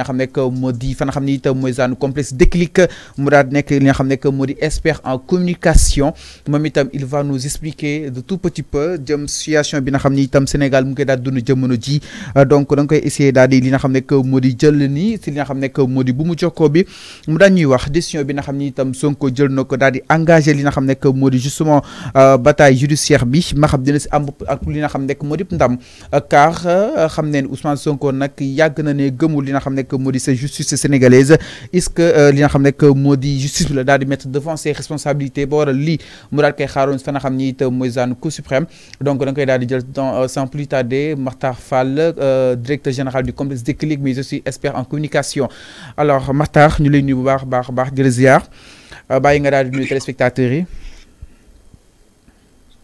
nga xam nekk moo fa nga xam complexe déclic mu nek li nga xam nekk expert en communication mamitam itam il va nous expliquer de tout petit peu jëm situation bi nga xamni tam Sénégal mu ngi koy dund jamono ji donc da nga koy essayer dal di li nga xam modi moo jël ni si li nga xam nekk bu mu jokkoo bi mu daal ñuy wax décision bi nga xamni tam Sonko jël na dal di engagé li nga xam nekk justement bataille judiciaire bi ma xam dina ci am ak li nga xam nekk ndam car xam Ousmane Sonko nak yag na ne gëmul li nga xam que Modi justice sénégalaise est-ce que euh, li nga xam Modi justice la mettre devant ses responsabilités bordelis li lii mu daal koy xaaroon fa nga Cour suprême donc on nga koy dans euh, sans plus tarder Makhtar Fall euh, directeur général du complexe clics mais aussi expert en communication alors Matar, ñu lay nuyu bu baax baax baax di la ziar nga yi.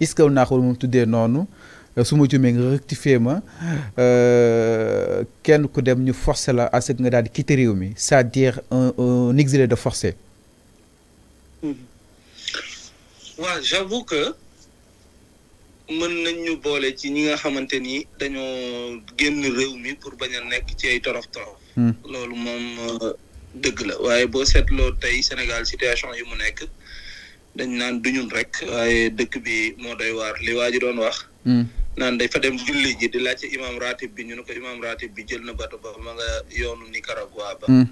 iskaw naa xawul moom tuddee noonu euh, su ma jumee nga rectifier ma euh, kenn ku dem ñu forcer la à ce nga daal di quitter réew mi c'est-à-dire un un exilé de forcé. waaw mmh. j'avoue que mën nañ ñu boole ci ñi nga xamante ni dañoo génn réew mi pour bañ nekk ci ay torof torof. Mmh. loolu moom euh, dëgg la waaye boo seetloo tey Sénégal situation yi mu nekk. dañ naan duñun rek waaye dëkk bi moo doy waar li waa ji doon wax. Hmm. naan day fa dem julli ji di laajte imam ratib bi ñu ne ko imam ratib bi jël na bato ba ma nga yoonu Nicaragua ba. Hmm.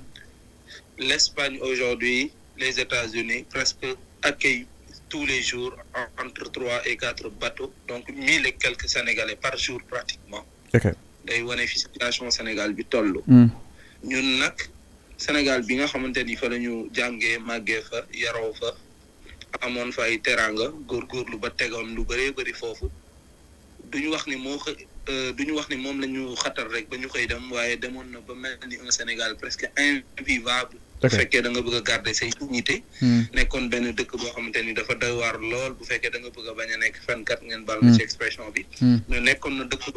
l' Espagne aujourd'hui les États-Unis presque accueillent tous les jours entre trois et quatre bateaux donc mille et quelques Sénégalais par jour pratiquement. ok day wane fi situation Sénégal bi toll. Hmm. ñun nag Sénégal bi nga xamante ni fa la ñu jàngee màggee fa yaroo fa. amoon fa ay teranga góorgóorlu ba tegam lu bëree bëri foofu duñu wax ni moo euh, duñu wax ni moom rek ba kaidam koy dem waaye demoon na ba preske ni un Sénégal presque invivable bu fekkee da nga bëgg garder say dignité hmm. nekkoon benn dëkk boo xamante dafa doy waar lool bu fekkee da nga bëgg a bañ a ngeen baal hmm. ci expression bi mais hmm. nekkoon na dëkk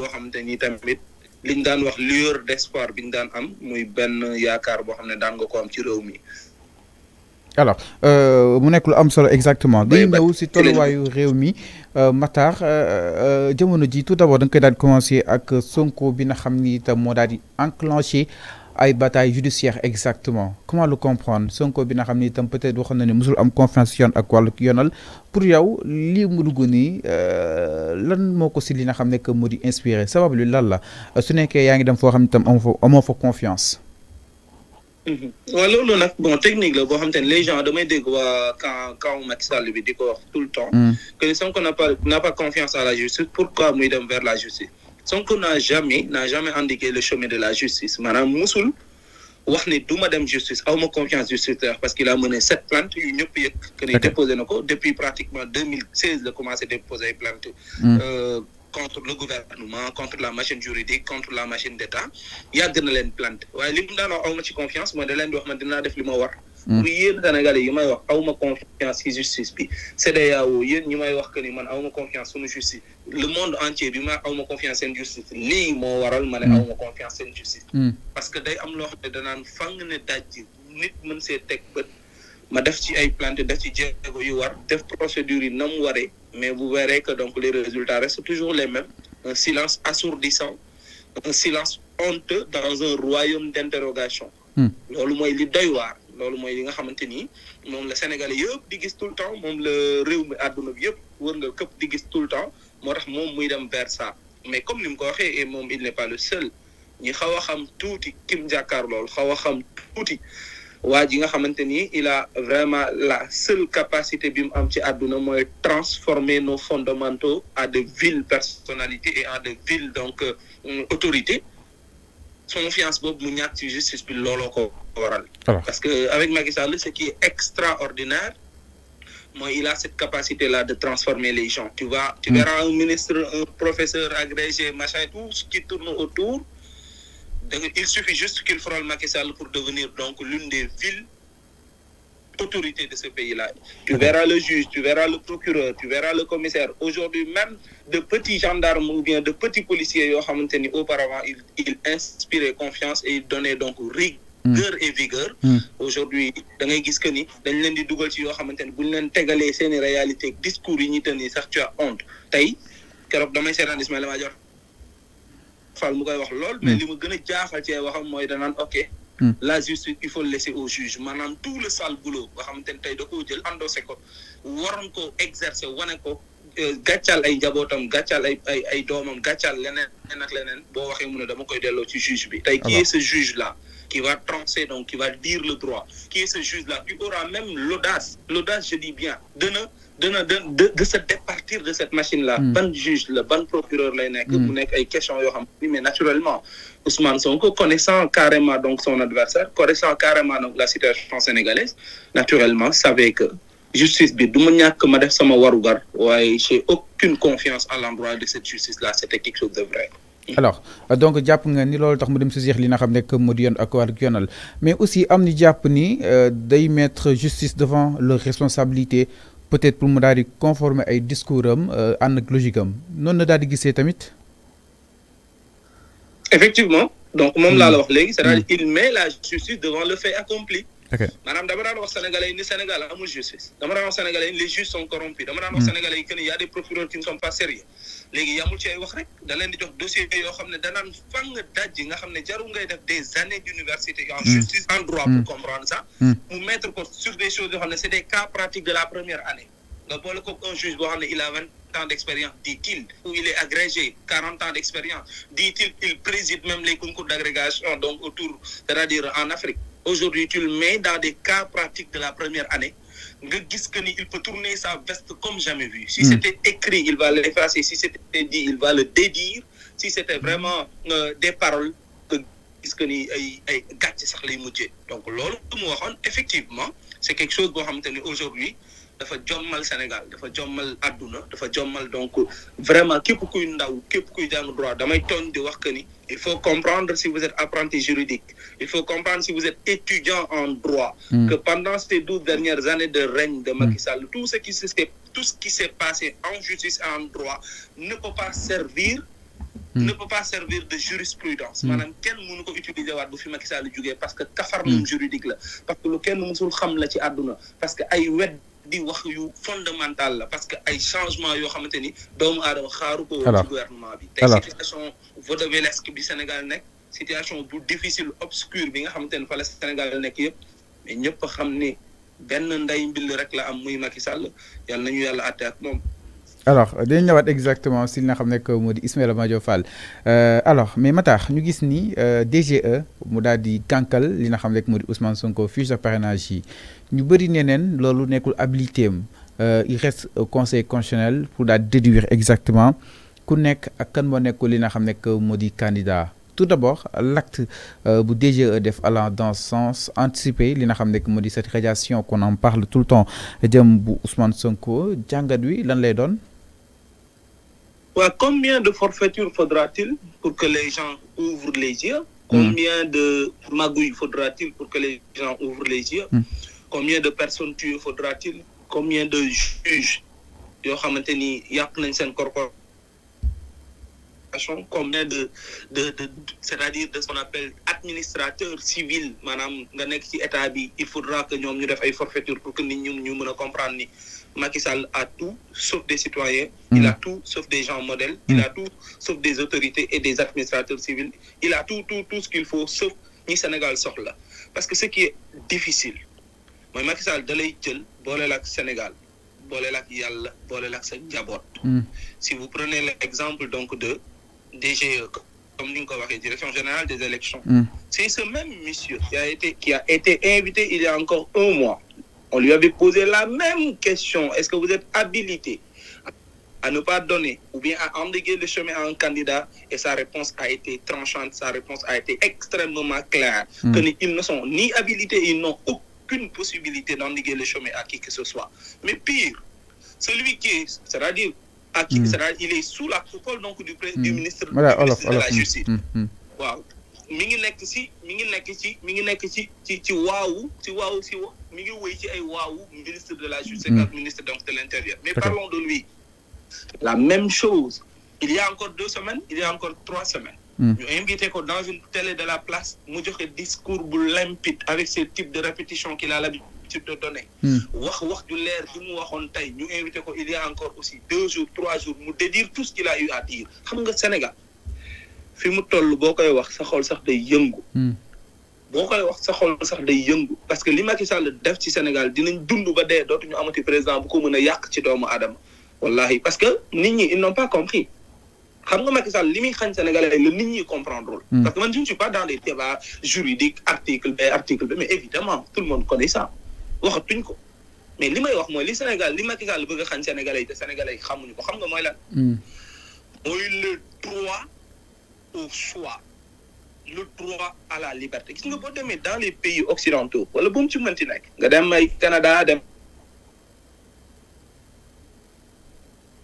tamit liñ daan wax lueur d'espoir biñ daan am muy benn yaakaar boo xam ne daan nga ko am ci mi alors euh nekk lu am solo exactement day ci si tolluwaayu réew mi euh, Matar euh, euh, jëmono ji tout d'abord da nga koy daal commencer ak Sonko bi nga xam ni itam moo daal di enclencher ay bataille judiciaire exactement comment le comprendre Sonko bi nga xam ni peut-être waxoon na ne musul am confiance yoon ak wàllu yonal pour yow li mu dugg euh lan moko ko si li nga xam ne que Modi di inspiré sabab lu lan la su nekkee yaa ngi dem fo xam tam am fo confiance Mhm. alors bon technique les gens ont des quand quand on ça, ça le décor tout le temps. Mm. que qu'on n'a pas n'a pas confiance à la justice pourquoi nous dem vers la justice. qu'on n'a jamais n'a jamais indiqué le chemin de la justice madame Moussoul wax ni du dem justice aw ma confiance justice parce qu'il a mené sept plaintes que depuis pratiquement 2016 le a commencé à déposer les plaintes. Mm. Euh, contre le gouvernement contre la machine juridique contre la machine d'État yàgg na leen planté waaye li mu daan wax ma confiance mooy da leen di wax man dinaa def li ma war. bu hmm. yéen Sénégalais yi may wax confiance ci justice bi CEDEAO yéen ñi may wax que ni man aw confiance suñu justice le monde entier bi ma aw confiance seen justice lii moo waral ma ne hmm. confiance seen justice. Hmm. parce que day am loo un ne danaan fang ne daj nit mën see teg bët ma def ci ay plante def ci jéego yu war def procédure yi na mu waree mais vous verrez que donc les résultats restent toujours les mêmes un silence assourdissant un silence honteux dans un royaume d'interrogation hmm. loolu mooy li doy waar loolu mooy li nga xamante ni moom la Sénégalais yëpp di gis tout le temps moom la réew mi àdduna bi yëpp wër nga këpp di gis tout le temps moo tax moom muy dem vers ça mais comme ni mu ko waxee et moom il n'est pas le seul ñi xaw a xam tuuti kim jàkkaar loolu xaw a xam tuuti il a vraiment la seule capacité de, transformer nos fondamentaux à de villes personnalités et à de villes donc euh, autorités confiance c'est mu ah parce que avec ce qui est extraordinaire moi, il a cette capacité-là de transformer les gens. Tu vois, tu hmm. verras un ministre, un professeur agrégé, machin, tout ce qui tourne autour, euh, il suffit juste qu'il le Macky Sall pour devenir donc l'une des villes autorités de ce pays-là. Tu verras le juge, tu verras le procureur, tu verras le commissaire. Aujourd'hui même, de petits gendarmes ou bien de petits policiers, auparavant, ils, il inspiraient confiance et ils donnaient donc rigueur. Hmm. et vigueur. Hmm. aujourd'hui dans les gis que ni dañ leen di dugal ci les scènes ni bu ñu leen tegalee discours yi tenir ça, tu as honte tey keroog damay seetaan Ismaïla Madior Fall mu koy wax lool. Mm. mais li ma gën a jaaxal ci waxam mooy danaan ok. Mm. la justice il faut laisser au juge maanaam tout le sale boulot nga xamante ne tey da koo jël endossé ko waroon ko exercer wane ko euh, gàccal ay njabootam gàccal ay ay ay doomam gàccal leneen leneen ak leneen boo waxee mu ne dama koy delloo ci juge bi. tey qui ce juge là qui va trancher, donc qui va dire le droit, qui est ce juge-là, qui aura même l'audace, l'audace, je dis bien, de de, de, se départir de cette machine-là. Hmm. bonne juge, le bon procureur, là, hmm. mais naturellement, Ousmane Sonko, connaissant carrément donc son adversaire, connaissant carrément la situation sénégalaise, naturellement, savait que justice de duma sama aucune confiance à l'endroit de cette justice là c'était quelque chose de vrai alors donc japp nga ni loolu tax mu dem ci jeex li nga xam nekk moo di ak mais aussi am ni jàpp ni euh, day mettre justice devant leur responsabilité peut-être pour mu daal conformer ay discours am euh, ànd ak logique am noonu la tamit. effectivement donc mom la wax hmm. léegi c'est-à-dire hmm. il met la justice devant le fait accompli. ok maanaam dama daan wax sénégalais ni Sénégal amul justice dama daan wax sénégalais les juges sont corrompus dama daan wax hmm. sénégalais que il y a des procureurs qui ne sont pas sérieux léegi yamul ci ay wax rek da leen di jox dossier fang nga des années d'université en hmm. justice en droit pour hmm. comprendre ça pour hmm. mettre sur des choses c'est des cas pratiques de la première année un juge il a 20 ans d'expérience dit-il ou il est agrégé 40 ans d'expérience dit-il il préside même les concours d'agrégation donc autour c'est-à-dire en Afrique aujourd'hui tu le mets dans des cas pratiques de la première année il peut tourner sa veste comme jamais vu. si hmm. c'était écrit il va l'effacer si c'était dit il va le dédire si c'était hmm. vraiment euh, des paroles Il va que sa ay donc effectivement c'est quelque chose qu'on a aujourd'hui dafa jommal Sénégal dafa jommal àdduna dafa jommal donc vraiment képp kuy ndaw képp kuy jàng droit damay ton di wax que ni il faut comprendre si vous êtes apprenti juridique il faut comprendre si vous êtes étudiant en droit mm. que pendant ces douze dernières années de règne de Macky hmm. Sall tout ce qui s'est tout ce qui s'est passé en justice et en droit ne peut pas servir Mm. ne peut pas servir de jurisprudence hmm. maanaam quel mënu ko utiliser waat bu fi Macky Sall jugee parce que kafarnum hmm. juridique la parce que lequel kenn mësul xam la ci aduna parce que ay wedd di wax yu fondamental la parce que ay changement yoo xamante ni doomu aadama xaaru ko ci gouvernement bi tey situation vaudevillesque bi Sénégal nekk situation bu difficile obscure bi nga xamante ni fa la Sénégal nekk yëpp mais ñëpp xam ni benn nday mbill rek la am muy Macky Sall na ñu yàlla àtte moom alors dañu ñëwaat exactement si li nga xam ne moo di Ismaïla Madior Fall euh, alors mais matax ñu gis ni euh, DGE mu daal di gànkal li nga xam ne moo di Ousmane Sonko fiche de parrainage yi ñu bëri ne neen loolu nekkul habilité euh, il reste au conseil constitutionnel pour daal déduire exactement ku nekk ak kan moo nekkul li nga xam ne moo di candidat tout d'abord l'acte bu DGE def allant dans ce sens anticiper li nga xam ne moo di cette radiation qu'on en parle tout le temps jëm bu Ousmane Sonko jàngat wi lan lay doon combien de forfaitures faudra-t-il pour que les gens ouvrent les yeux hmm. Combien de magouilles faudra-t-il pour que les gens ouvrent les yeux hmm. Combien de personnes tuées faudra-t-il Combien de juges de de c'est-à-dire de ce qu'on appelle administrateur civil madame nga nekk il faudra que nous nous def une forfaiture pour que nous nous comprenions. Makissal a Macky Sall a tout sauf des citoyens. Hmm. il a tout sauf des gens modèles. il a hmm. tout sauf des autorités et des administrateurs civils il a tout tout tout ce qu'il faut sauf ni Sénégal là parce que ce qui est difficile mooy Macky Sall le Sénégal. Hmm. si vous prenez l'exemple donc de DGE, euh, comme Direction Générale des Élections. Hmm. C'est ce même monsieur qui a, été, qui a été invité il y a encore un mois. On lui avait posé la même question. Est-ce que vous êtes habilité à ne pas donner ou bien à endiguer le chemin à un candidat et sa réponse a été tranchante, sa réponse a été extrêmement claire. Hmm. Que ils ne sont ni habilités, ils n'ont aucune possibilité d'endiguer le chemin à qui que ce soit. Mais pire, celui qui, c'est-à-dire à qui, mm. il est sous la coupole donc du, du hmm. ministre, de la hmm. Justice. Hmm, waaw mi ngi nekk ci mi ngi nek ci mi ngi nekk ci ci ci waawu ci waawu ci mi ngi ci ay waawu ministre de la Justice ak ministre donc de l'Intérieur mais parlons de lui la même chose il y a encore deux semaines il y a encore trois semaines a invité encore dans une télé de la place mu joxe discours bu limpide avec ce type de répétition qu'il a l'habitude de données. Hmm. wax wax du l'air, du mou waxoon tey ñu inviter ko il y a encore aussi deux jours trois jours Nous dédire tout ce qu'il a eu à dire xam nga Sénégal fi mu toll boo wax sa xol sax day yëngu. Hmm. boo wax sa xol sax day yëngu parce que li Macky Sall def ci Sénégal D'une dund ba d'autres nous amati président bu ko mën a yàq ci doomu aadama wallahi parce que ni ils n'ont pas compris. xam nga Macky Sall li Sénégalais la nit hmm. parce que man je ne suis pas dans les débats juridiques article ba article mais évidemment tout le monde connaît ça wax tuñ ko mais li may wax mooy li Sénégal li Macky Sall bëgg a xañ Sénégalais yi te xam yi ko xam nga mooy lan. Hmm. mooy le droit au choix le droit à la liberté gis nga boo demee dans les pays occidentaux wala bu mu ci mënti nekk nga dem ay Canada dem.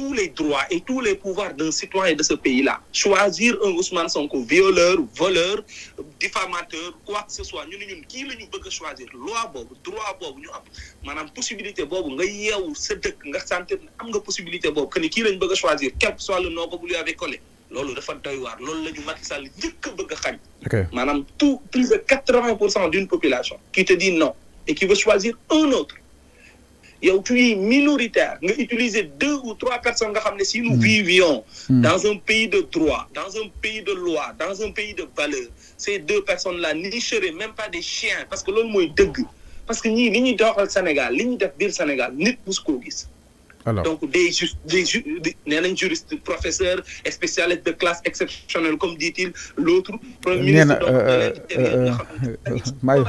tous les droits et tous les pouvoirs d'un citoyen de ce pays-là. Choisir un Ousmane Sonko violeur, voleur, diffamateur, quoi que ce soit. Nous, nous, qui nous voulons choisir Loi, droit, nous avons possibilité boobu nga yeewu sa dëkk nga possibilité boobu que ni kii lañ bëgg choisir quel que soit le nom que vous lui avez collé loolu dafa doy war loolu la Macky Sall njëkk bëgg xañ tout plus de 80% d'une population qui te dit non et qui veut choisir un autre et tu es minoritaire nga utiliser deux ou trois personnes si nous hmm. vivions hmm. dans un pays de droit dans un pays de loi dans un pays de valeur ces deux personnes là n'écheraient même pas des chiens parce que l'on est dégueu. parce que nous, sommes au Sénégal nous sommes def Sénégal Nous sommes au Sénégal. Donc, des, des, juristes, professeurs, spécialistes de classe exceptionnelle, comme dit-il, l'autre, premier ministre. Euh, euh, euh, mais euh,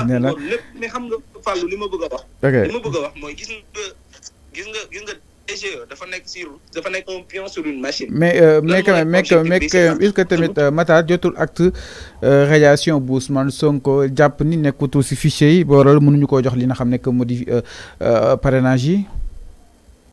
mais quand même mais est que Matar acte Sonko fichier yi